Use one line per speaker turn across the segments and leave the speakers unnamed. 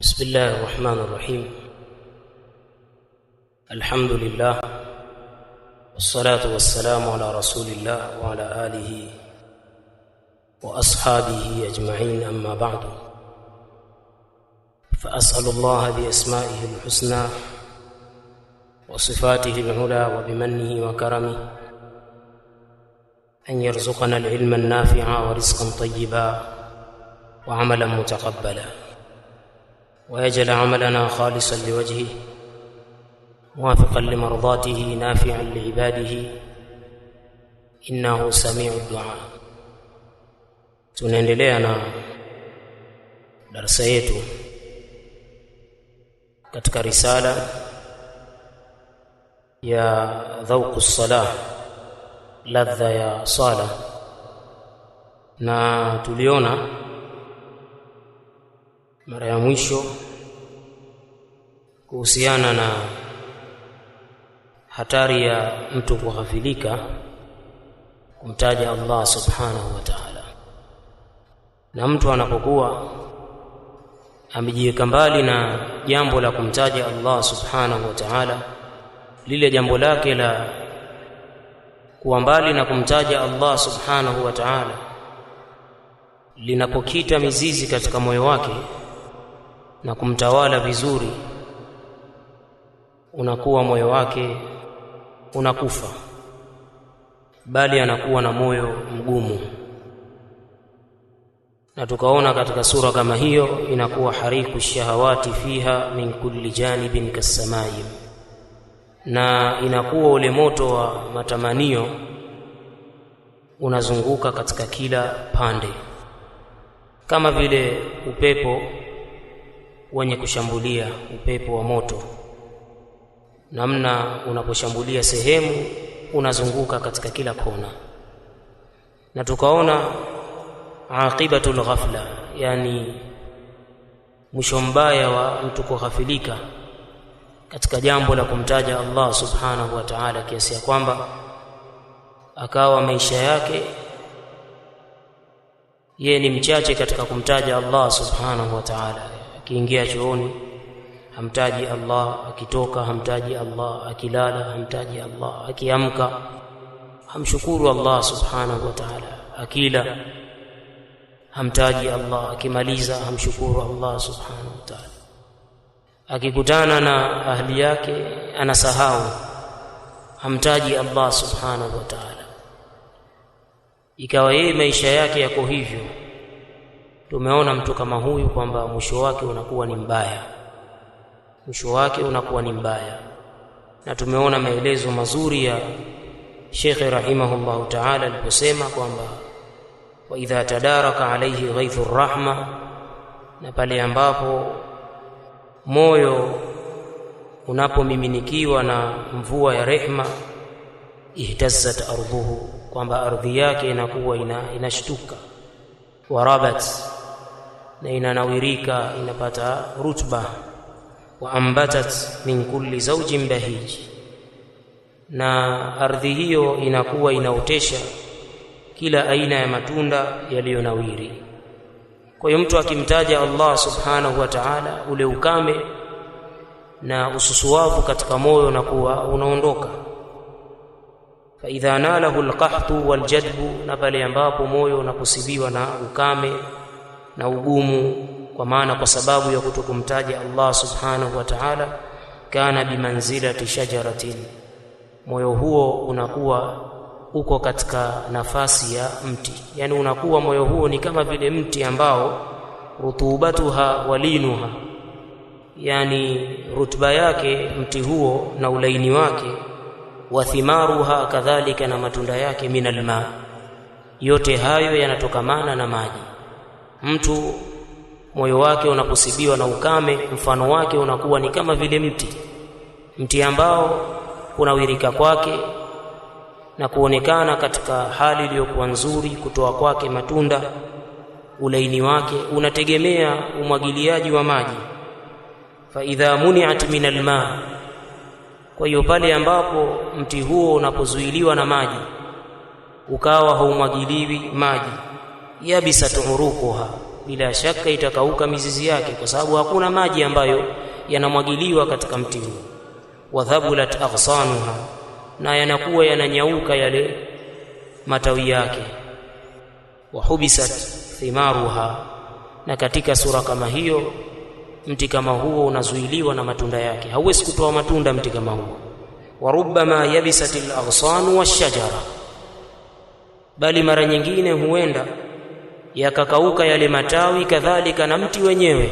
بسم الله الرحمن الرحيم الحمد لله والصلاة والسلام على رسول الله وعلى آله وأصحابه أجمعين أما بعد فأسأل الله بأسمائه الحسنى وصفاته العلى وبمنه وكرمه أن يرزقنا العلم النافع ورزقا طيبا وعملا متقبلا ويجعل عملنا خالصا لوجهه موافقا لمرضاته نافعا لعباده إنه سميع الدعاء tunaendelea na darasa yetu katika risala ya dhauqu salah ladha ya sala na tuliona mara ya mwisho kuhusiana na hatari ya mtu kughafilika kumtaja Allah subhanahu wa ta'ala, na mtu anapokuwa amejiweka mbali na jambo la kumtaja Allah subhanahu wa ta'ala, lile jambo lake la kuwa mbali na kumtaja Allah subhanahu wa ta'ala linapokita mizizi katika moyo wake na kumtawala vizuri, unakuwa moyo wake unakufa, bali anakuwa na moyo mgumu. Na tukaona katika sura kama hiyo inakuwa hariku shahawati fiha min kulli janibin kassamai, na inakuwa ule moto wa matamanio unazunguka katika kila pande, kama vile upepo wenye kushambulia upepo wa moto. Namna unaposhambulia sehemu unazunguka katika kila kona, na tukaona aqibatul ghafla, yani mwisho mbaya wa mtu kughafilika katika jambo la kumtaja Allah subhanahu wa ta'ala, kiasi ya kwamba akawa maisha yake yeye ni mchache katika kumtaja Allah subhanahu wa ta'ala akiingia chooni hamtaji Allah, akitoka hamtaji Allah, akilala hamtaji Allah, akiamka hamshukuru Allah subhanahu wa ta'ala, akila hamtaji Allah, akimaliza hamshukuru Allah subhanahu wa ta'ala, akikutana na ahli yake anasahau, hamtaji Allah subhanahu wa ta'ala. Ikawa yeye maisha yake yako hivyo Tumeona mtu kama huyu kwamba mwisho wake unakuwa ni mbaya, mwisho wake unakuwa ni mbaya, na tumeona maelezo mazuri ya Shekhe rahimahullahu taala aliposema kwamba wa idha tadaraka alaihi ghaithu rahma, na pale ambapo moyo unapomiminikiwa na mvua ya rehma, ihtazzat ardhuhu, kwamba ardhi yake inakuwa inashtuka, warabat na inanawirika inapata rutba. Wa ambatat min kulli zawjin bahij, na ardhi hiyo inakuwa inaotesha kila aina ya matunda yaliyonawiri. Kwa hiyo mtu akimtaja Allah subhanahu wa ta'ala, ule ukame na ususuwavu katika moyo na kuwa unaondoka. Fa idha nalahu alqahtu waljadbu, na pale ambapo moyo unakusibiwa na ukame na ugumu kwa maana kwa sababu ya kutokumtaja Allah subhanahu wa ta'ala, kana bimanzilati shajaratin, moyo huo unakuwa uko katika nafasi ya mti, yaani unakuwa moyo huo ni kama vile mti ambao rutubatuha walinuha, yani rutba yake mti huo na ulaini wake, wa thimaruha kadhalika, na matunda yake, minalma yote hayo yanatokamana na maji Mtu moyo wake unaposibiwa na ukame, mfano wake unakuwa ni kama vile mti, mti ambao unawirika kwake na kuonekana katika hali iliyokuwa nzuri, kutoa kwake matunda, ulaini wake unategemea umwagiliaji wa maji. Fa idha muniat min alma, kwa hiyo pale ambapo mti huo unapozuiliwa na maji ukawa haumwagiliwi maji yabisat uruquha, bila shaka itakauka mizizi yake, kwa sababu hakuna maji ambayo yanamwagiliwa katika mti huo. Wadhabulat aghsanuha, na yanakuwa yananyauka yale matawi yake. Wahubisat thimaruha, na katika sura kama hiyo mti kama huo unazuiliwa na matunda yake, hauwezi kutoa matunda mti kama huo. Wa rubbama yabisat laghsanu aghsanu shajara bali mara nyingine huenda yakakauka yale matawi, kadhalika na mti wenyewe.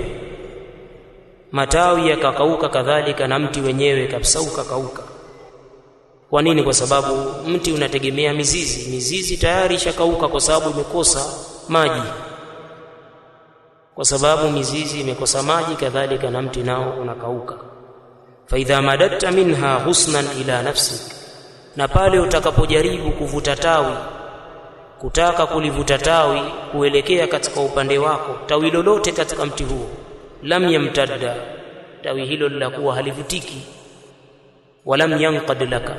Matawi yakakauka, kadhalika na mti wenyewe kabisa ukakauka. Kwa nini? Kwa sababu mti unategemea mizizi. Mizizi tayari ishakauka kwa sababu imekosa maji, kwa sababu mizizi imekosa maji, kadhalika na mti nao unakauka. Faidha madatta minha husnan ila nafsik, na pale utakapojaribu kuvuta tawi kutaka kulivuta tawi kuelekea katika upande wako, tawi lolote katika mti huo, lam yamtadda, tawi hilo lilakuwa halivutiki, walam yanqad laka,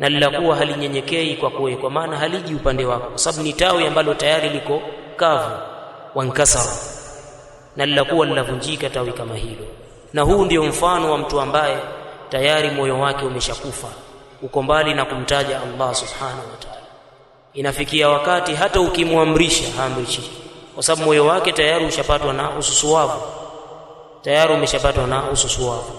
na lilakuwa halinyenyekei kwako wewe, kwa maana haliji upande wako, kwa sababu ni tawi ambalo tayari liko kavu, wankasara, na lilakuwa linavunjika tawi kama hilo. Na huu ndio mfano wa mtu ambaye tayari moyo wake umeshakufa, uko mbali na kumtaja Allah subhanahu wa ta'ala. Inafikia wakati hata ukimwamrisha haamrishi, kwa sababu moyo wake tayari ushapatwa na ususuwavu, tayari umeshapatwa na ususuwavu.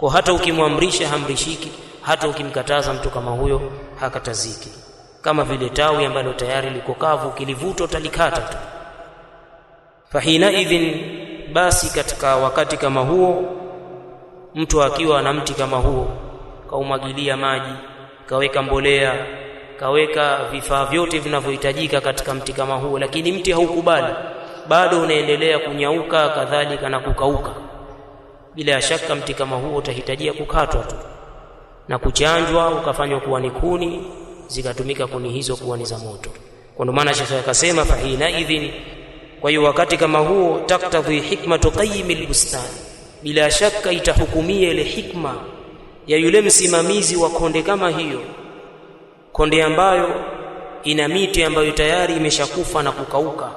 Kwa hata ukimwamrisha haamrishiki, hata ukimkataza mtu kama huyo hakataziki, kama vile tawi ambalo tayari liko kavu, ukilivuta utalikata tu. Fahina idhin, basi katika wakati kama huo, mtu akiwa na mti kama huo kaumwagilia maji, kaweka mbolea kaweka vifaa vyote vinavyohitajika katika mti kama huo, lakini mti haukubali, bado unaendelea kunyauka kadhalika na kukauka. Bila shaka mti kama huo utahitajia kukatwa tu na kuchanjwa, ukafanywa kuwa ni kuni, zikatumika kuni hizo kuwa ni za moto. Kwa ndio maana shekhe akasema fahina idhin. Kwa hiyo wakati kama huo taktadhi hikmatu qayimi bustan, bila shaka itahukumia ile hikma ya yule msimamizi wa konde kama hiyo konde ambayo ina miti ambayo tayari imeshakufa na kukauka.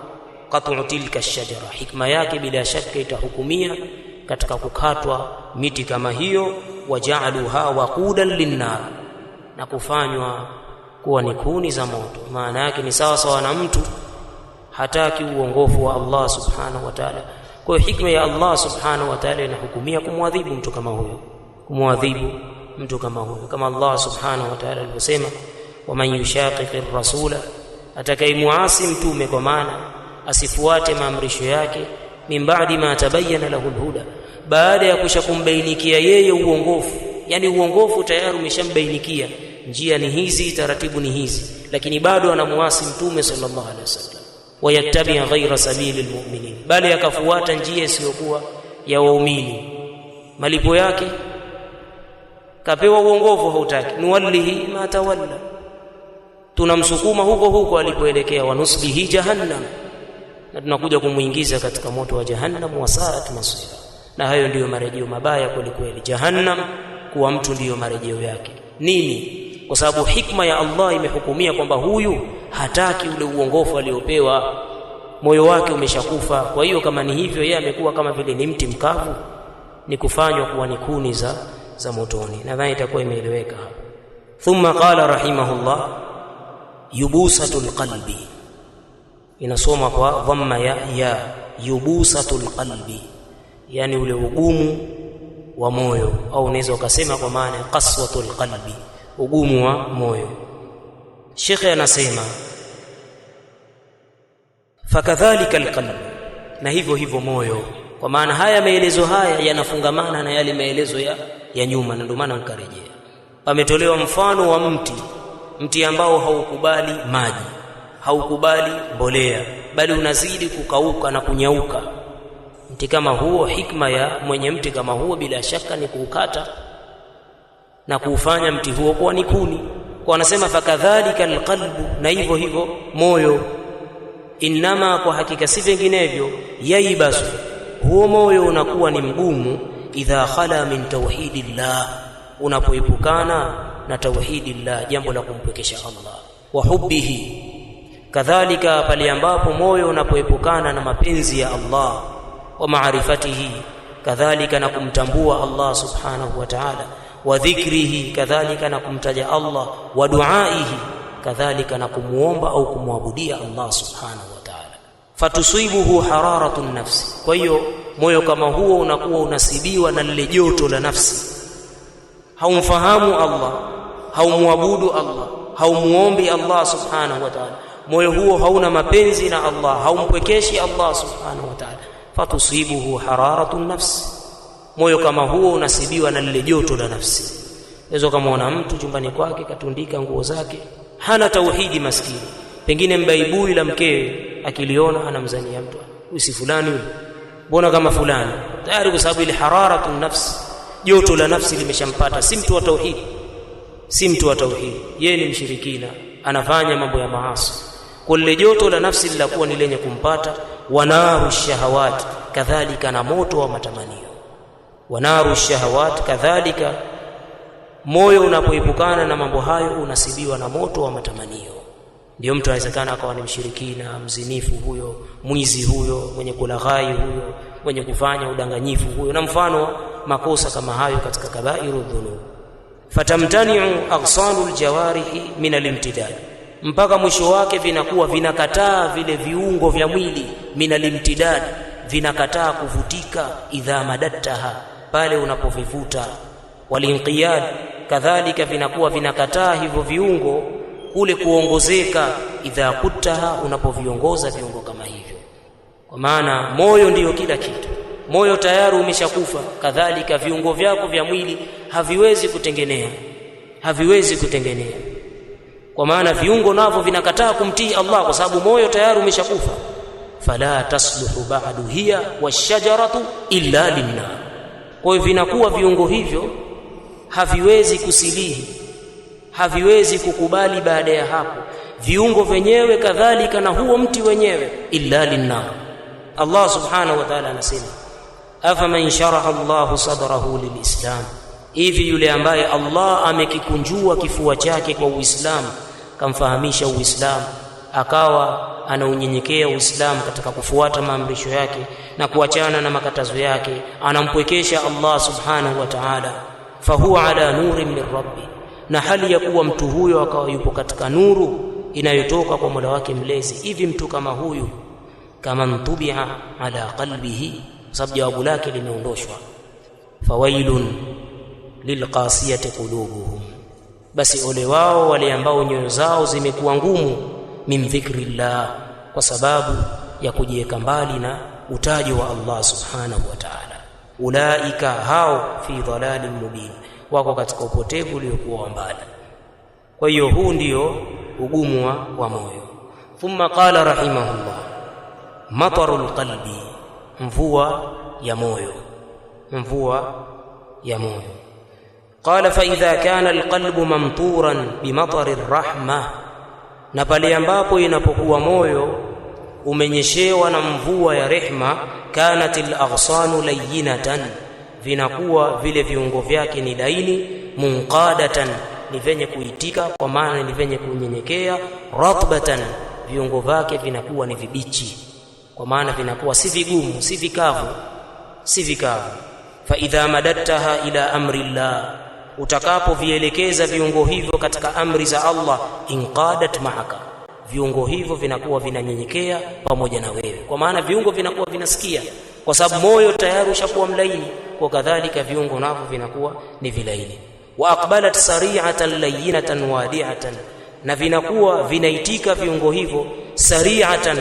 Qat'u tilka shajara, hikma yake bila shaka itahukumia katika kukatwa miti kama hiyo. Wajaaluha waqudan linnar, na kufanywa kuwa ni kuni za moto. Maana yake ni sawa sawa na mtu hataki uongofu wa Allah subhanahu wa ta'ala. Kwa hiyo hikma ya Allah subhanahu wa ta'ala inahukumia kumwadhibu mtu kama huyo, kumwadhibu mtu kama huyo, kama Allah subhanahu wa ta'ala alivyosema waman yushaqiqi rasula, atakayemuasi mtume kwa maana asifuate maamrisho yake, min baadi ma tabayana lahu lhuda, baada ya kusha kumbainikia yeye uongofu. Yani uongofu tayari umeshambainikia, njia ni hizi, taratibu ni hizi, lakini bado anamuasi mtume sallallahu alaihi wasallam. Wayatabia ghaira sabili lmuminin, bali akafuata njia isiyokuwa ya waumini. Malipo yake kapewa uongofu, hautaki nuwallihi ma tawalla tunamsukuma huko huko alipoelekea, wanuslihi jahannam, na tunakuja kumwingiza katika moto wa jahannam, wasaat masira. Na hayo ndiyo marejeo mabaya kweli kweli, jahannam kuwa mtu ndiyo marejeo yake. Nini? Kwa sababu hikma ya Allah imehukumia kwamba huyu hataki ule uongofu aliopewa, moyo wake umeshakufa. Kwa hiyo kama ni hivyo, yeye amekuwa kama vile ni mti mkavu, ni kufanywa kuwa ni kuni za, za motoni. Nadhani itakuwa imeeleweka hapo. Thumma qala rahimahullah yubusatul qalbi, inasoma kwa dhamma ya ya, yubusatul qalbi, yani ule ugumu wa moyo, au unaweza ukasema kwa maana qaswatul qalbi, ugumu wa moyo. Shekhe anasema fakadhalika alqalbu, na hivyo hivyo moyo. Kwa maana haya maelezo haya yanafungamana na yale maelezo ya, ya nyuma, na ndio maana nikarejea. Pametolewa mfano wa mti mti ambao haukubali maji, haukubali mbolea, bali unazidi kukauka na kunyauka. Mti kama huo, hikma ya mwenye mti kama huo bila shaka ni kuukata na kuufanya mti huo kuwa ni kuni. Kwa wanasema fakadhalika alqalbu, na hivyo hivyo moyo. Innama, kwa hakika si vinginevyo, yaibasu, huo moyo unakuwa ni mgumu, idha khala min tauhidillah, unapoepukana na tauhidi llah, jambo la kumpwekesha Allah, wa hubihi kadhalika pale ambapo moyo unapoepukana na mapenzi ya Allah, wa marifatihi kadhalika na kumtambua Allah subhanahu wa ta'ala, wa dhikrihi, kadhalika na kumtaja Allah, wa duaihi, kadhalika na kumwomba au kumwabudia Allah subhanahu wa ta'ala. Fatusibuhu hararatu nafsi, kwa hiyo moyo kama huo unakuwa unasibiwa na lile joto la nafsi haumfahamu Allah, haumwabudu Allah, haumuombi Allah subhanahu wa ta'ala, moyo huo hauna mapenzi na Allah, haumpwekeshi Allah subhanahu wa ta'ala, fatusibuhu hararatu nafsi, moyo kama huo unasibiwa na lile joto la nafsi. Unaweza ukamwona mtu chumbani kwake katundika nguo zake, hana tauhidi, maskini, pengine mbaibui la mkewe, akiliona anamzania mtu, si fulani yule, mbona kama fulani, tayari kwa sababu ile hararatu nafsi joto la nafsi limeshampata. Si mtu wa tauhidi, si mtu wa tauhidi, yeye ni mshirikina, anafanya mambo ya maasi. Kwa lile joto la nafsi lilakuwa ni lenye kumpata. Wanaru shahawat kadhalika, na moto wa matamanio. Wanaru shahawat kadhalika, moyo unapoepukana na mambo hayo unasibiwa na moto wa matamanio. ndio mtu anawezekana akawa ni mshirikina, mzinifu huyo, mwizi huyo, mwenye kulaghai huyo, mwenye kufanya udanganyifu huyo na mfano makosa kama hayo katika kabairu dhunub. Fatamtaniu aghsalu ljawarihi min alimtidadi, mpaka mwisho wake vinakuwa vinakataa vile viungo vya mwili min alimtidadi, vinakataa kuvutika. Idha madattaha, pale unapovivuta. Walinqiyad, kadhalika vinakuwa vinakataa hivyo viungo kule kuongozeka. Idha kuttaha, unapoviongoza viungo kama hivyo, kwa maana moyo ndiyo kila kitu moyo tayari umeshakufa, kadhalika viungo vyako vya mwili haviwezi kutengenea, haviwezi kutengenea, kwa maana viungo navyo vinakataa kumtii Allah kwa sababu moyo tayari umeshakufa. Fala tasluhu ba'du hiya washajaratu illa linnar, kwa hiyo vinakuwa viungo hivyo haviwezi kusilihi, haviwezi kukubali baada ya hapo viungo vyenyewe kadhalika na huo mti wenyewe, illa linnar. Allah subhanahu wa ta'ala anasema afaman sharaha Allahu sadrahu lilislam, hivi yule ambaye Allah amekikunjua kifua chake kwa Uislamu, kamfahamisha Uislamu, akawa anaunyenyekea Uislamu katika kufuata maamrisho yake na kuachana na makatazo yake, anampwekesha Allah subhanahu wa ta'ala, fahuwa ala nurin min rabbi, na hali ya kuwa mtu huyo akawa yupo katika nuru inayotoka kwa Mola wake mlezi. Hivi mtu kama huyu kama mtubia ala qalbihi sababu jawabu lake limeondoshwa, fawailun lilqasiyati qulubuhum, basi ole wao wale ambao nyoyo zao zimekuwa ngumu, min dhikrillah, kwa sababu ya kujiweka mbali na utajo wa Allah subhanahu wa ta'ala. Ulaika hao fi dhalalin mubin, wako katika upotevu uliokuwa wa mbali. Kwa hiyo huu ndio ugumu wa moyo. Thumma qala rahimahullah matarul qalbi mvua ya moyo, mvua ya moyo. Qala fa idha kana alqalbu mamturan bimatari rahma, na pale ambapo inapokuwa moyo umenyeshewa na mvua ya rehma. Kanat laghsanu layinatan, vinakuwa vile viungo vyake ni laini. Munqadatan, ni vyenye kuitika kwa maana ni vyenye kunyenyekea. Ratbatan, viungo vyake vinakuwa ni vibichi kwa maana vinakuwa si vigumu, si vikavu, si vikavu. Fa idha madattaha ila amri llah, utakapovielekeza viungo hivyo katika amri za Allah, inqadat maaka, viungo hivyo vinakuwa vinanyenyekea pamoja na wewe, kwa maana viungo vinakuwa vinasikia, kwa sababu moyo tayari ushakuwa mlaini, kwa kadhalika viungo navyo vinakuwa ni vilaini. Wa aqbalat sari'atan layyinatan wadi'atan, na vinakuwa vinaitika viungo hivyo sari'atan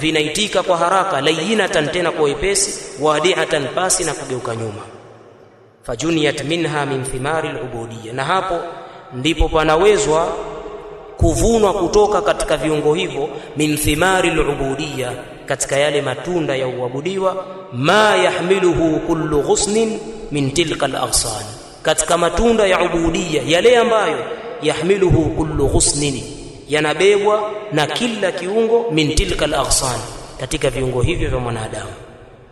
vinaitika kwa haraka, layinatan, tena kwa wepesi, wadiatan, pasi na kugeuka nyuma. Fajuniyat minha min thimari lubudiya na hapo ndipo panawezwa kuvunwa kutoka katika viungo hivyo, min thimari lubudiya katika yale matunda ya uabudiwa, ma yahmiluhu kullu ghusnin min tilka alaghsani, katika matunda ya ubudiya yale ambayo yahmiluhu kullu ghusnin yanabebwa na kila kiungo, min tilka al-aghsan, katika viungo hivyo vya mwanadamu,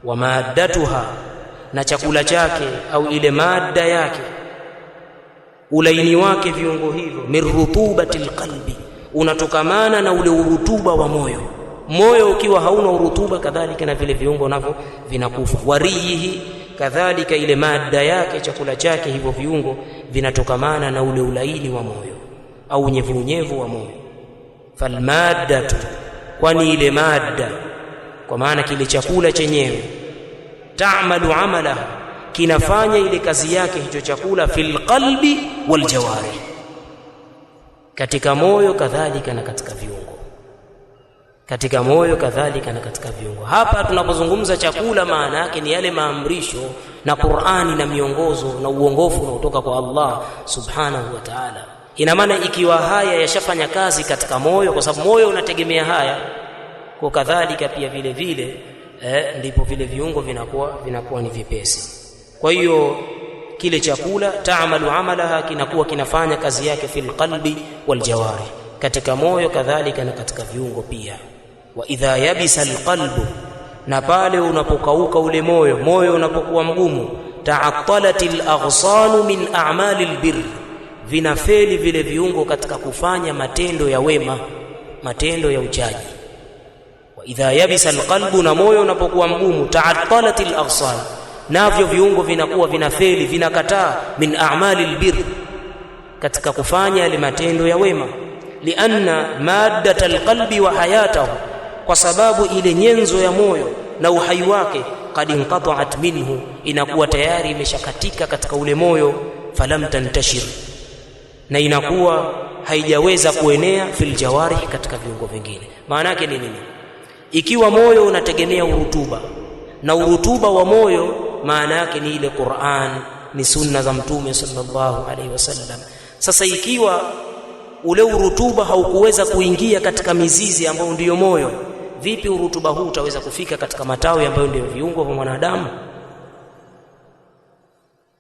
wa maddatuha, na chakula chake au ile madda yake, ulaini wake viungo hivyo, min rutubati lqalbi, unatokamana na ule urutuba wa moyo. Moyo ukiwa hauna urutuba, kadhalika na vile viungo navyo vinakufa. warihihi kadhalika ile madda yake, chakula chake, hivyo viungo vinatokamana na ule ulaini wa moyo au nyevu wa moyo falmaddatu, kwani ile madda, kwa maana kile chakula chenyewe, taamalu amalahu, kinafanya ile kazi yake hicho chakula, fil qalbi wal katika moyo kadhalika na katika viungo, katika moyo kadhalika na katika viungo. Hapa tunapozungumza chakula, maana yake ni yale maamrisho na Qur'ani na miongozo na uongofu unaotoka kwa Allah subhanahu wa ta'ala. Ina maana ikiwa haya yashafanya kazi katika moyo, kwa sababu moyo unategemea haya, kwa kadhalika pia vile vile eh, ndipo vile viungo vinakuwa vinakuwa ni vipesi. Kwa hiyo kile chakula taamalu amalaha, kinakuwa kinafanya kazi yake fil qalbi wal jawari, katika moyo kadhalika na katika viungo pia. Wa idha yabisa qalbu, na pale unapokauka ule moyo, moyo unapokuwa mgumu, taatalat alaghsanu min a'malil birr vinafeli vile viungo katika kufanya matendo ya wema, matendo ya uchaji. Wa idha yabisa alqalbu, na moyo unapokuwa mgumu, taatalat alaghsal, navyo viungo vinakuwa vinafeli, vinakataa, min a'mali albir, katika kufanya yale matendo ya wema. Lianna maddat alqalbi wa hayatahu, kwa sababu ile nyenzo ya moyo na uhai wake kad inqataat minhu, inakuwa tayari imeshakatika katika ule moyo. Falam tantashir na inakuwa haijaweza kuenea fil jawarih, katika viungo vingine. Maana yake ni nini? Ikiwa moyo unategemea urutuba na urutuba wa moyo, maana yake ni ile Qur'an, ni sunna za Mtume sallallahu alaihi wasallam. Sasa ikiwa ule urutuba haukuweza kuingia katika mizizi ambayo ndiyo moyo, vipi urutuba huu utaweza kufika katika matawi ambayo ndiyo viungo vya mwanadamu?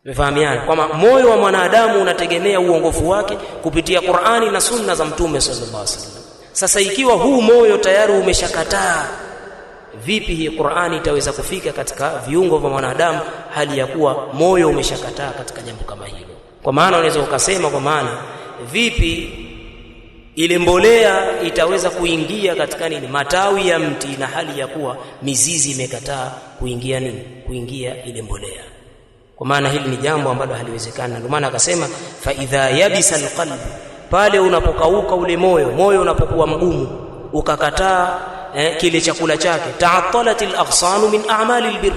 Mefahamiana kwamba moyo wa mwanadamu unategemea uongofu wake kupitia Qur'ani na sunna za Mtume sallallahu alaihi wasallam. Sasa ikiwa huu moyo tayari umeshakataa, vipi hii Qur'ani itaweza kufika katika viungo vya mwanadamu hali ya kuwa moyo umeshakataa katika jambo kama hilo? Kwa maana unaweza ukasema, kwa maana vipi ile mbolea itaweza kuingia katika nini, matawi ya mti na hali ya kuwa mizizi imekataa kuingia nini, kuingia ile mbolea kwa maana hili ni jambo ambalo haliwezekani. Ndio maana akasema fa idha yabisa alqalb pale unapokauka ule moyo, moyo unapokuwa mgumu ukakataa eh, kile chakula chake. Taatalat aghsanu min a'mali albir,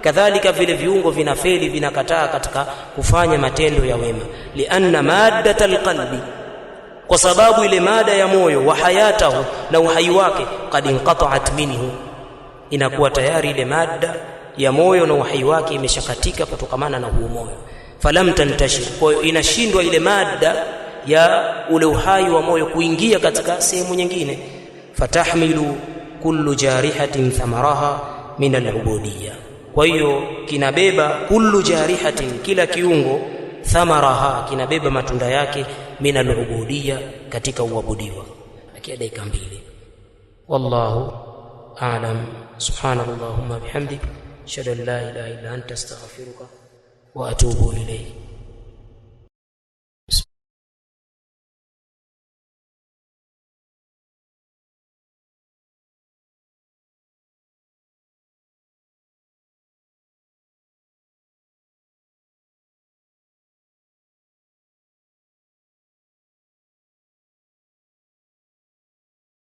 kadhalika vile viungo vinafeli vinakataa katika kufanya matendo ya wema. Lianna maddat alqalbi kwa sababu ile mada ya moyo wa hayatahu na uhai wake, kad inqata'at minhu, inakuwa tayari ile mada ya moyo na uhai wake imeshakatika kutokamana na huo moyo, falam tantashir. Kwa hiyo inashindwa ile mada ya ule uhai wa moyo kuingia katika sehemu nyingine, fatahmilu kullu jarihatin thamaraha min alubudiyya. Kwa hiyo kinabeba kullu jarihatin, kila kiungo, thamaraha, kinabeba matunda yake, min alubudiyya, katika uabudiwa. Bakia dakika mbili, wallahu a'lam. Subhanakallahumma bihamdik ashhadu an la ilaha illa anta astaghfiruka wa atubu ilayk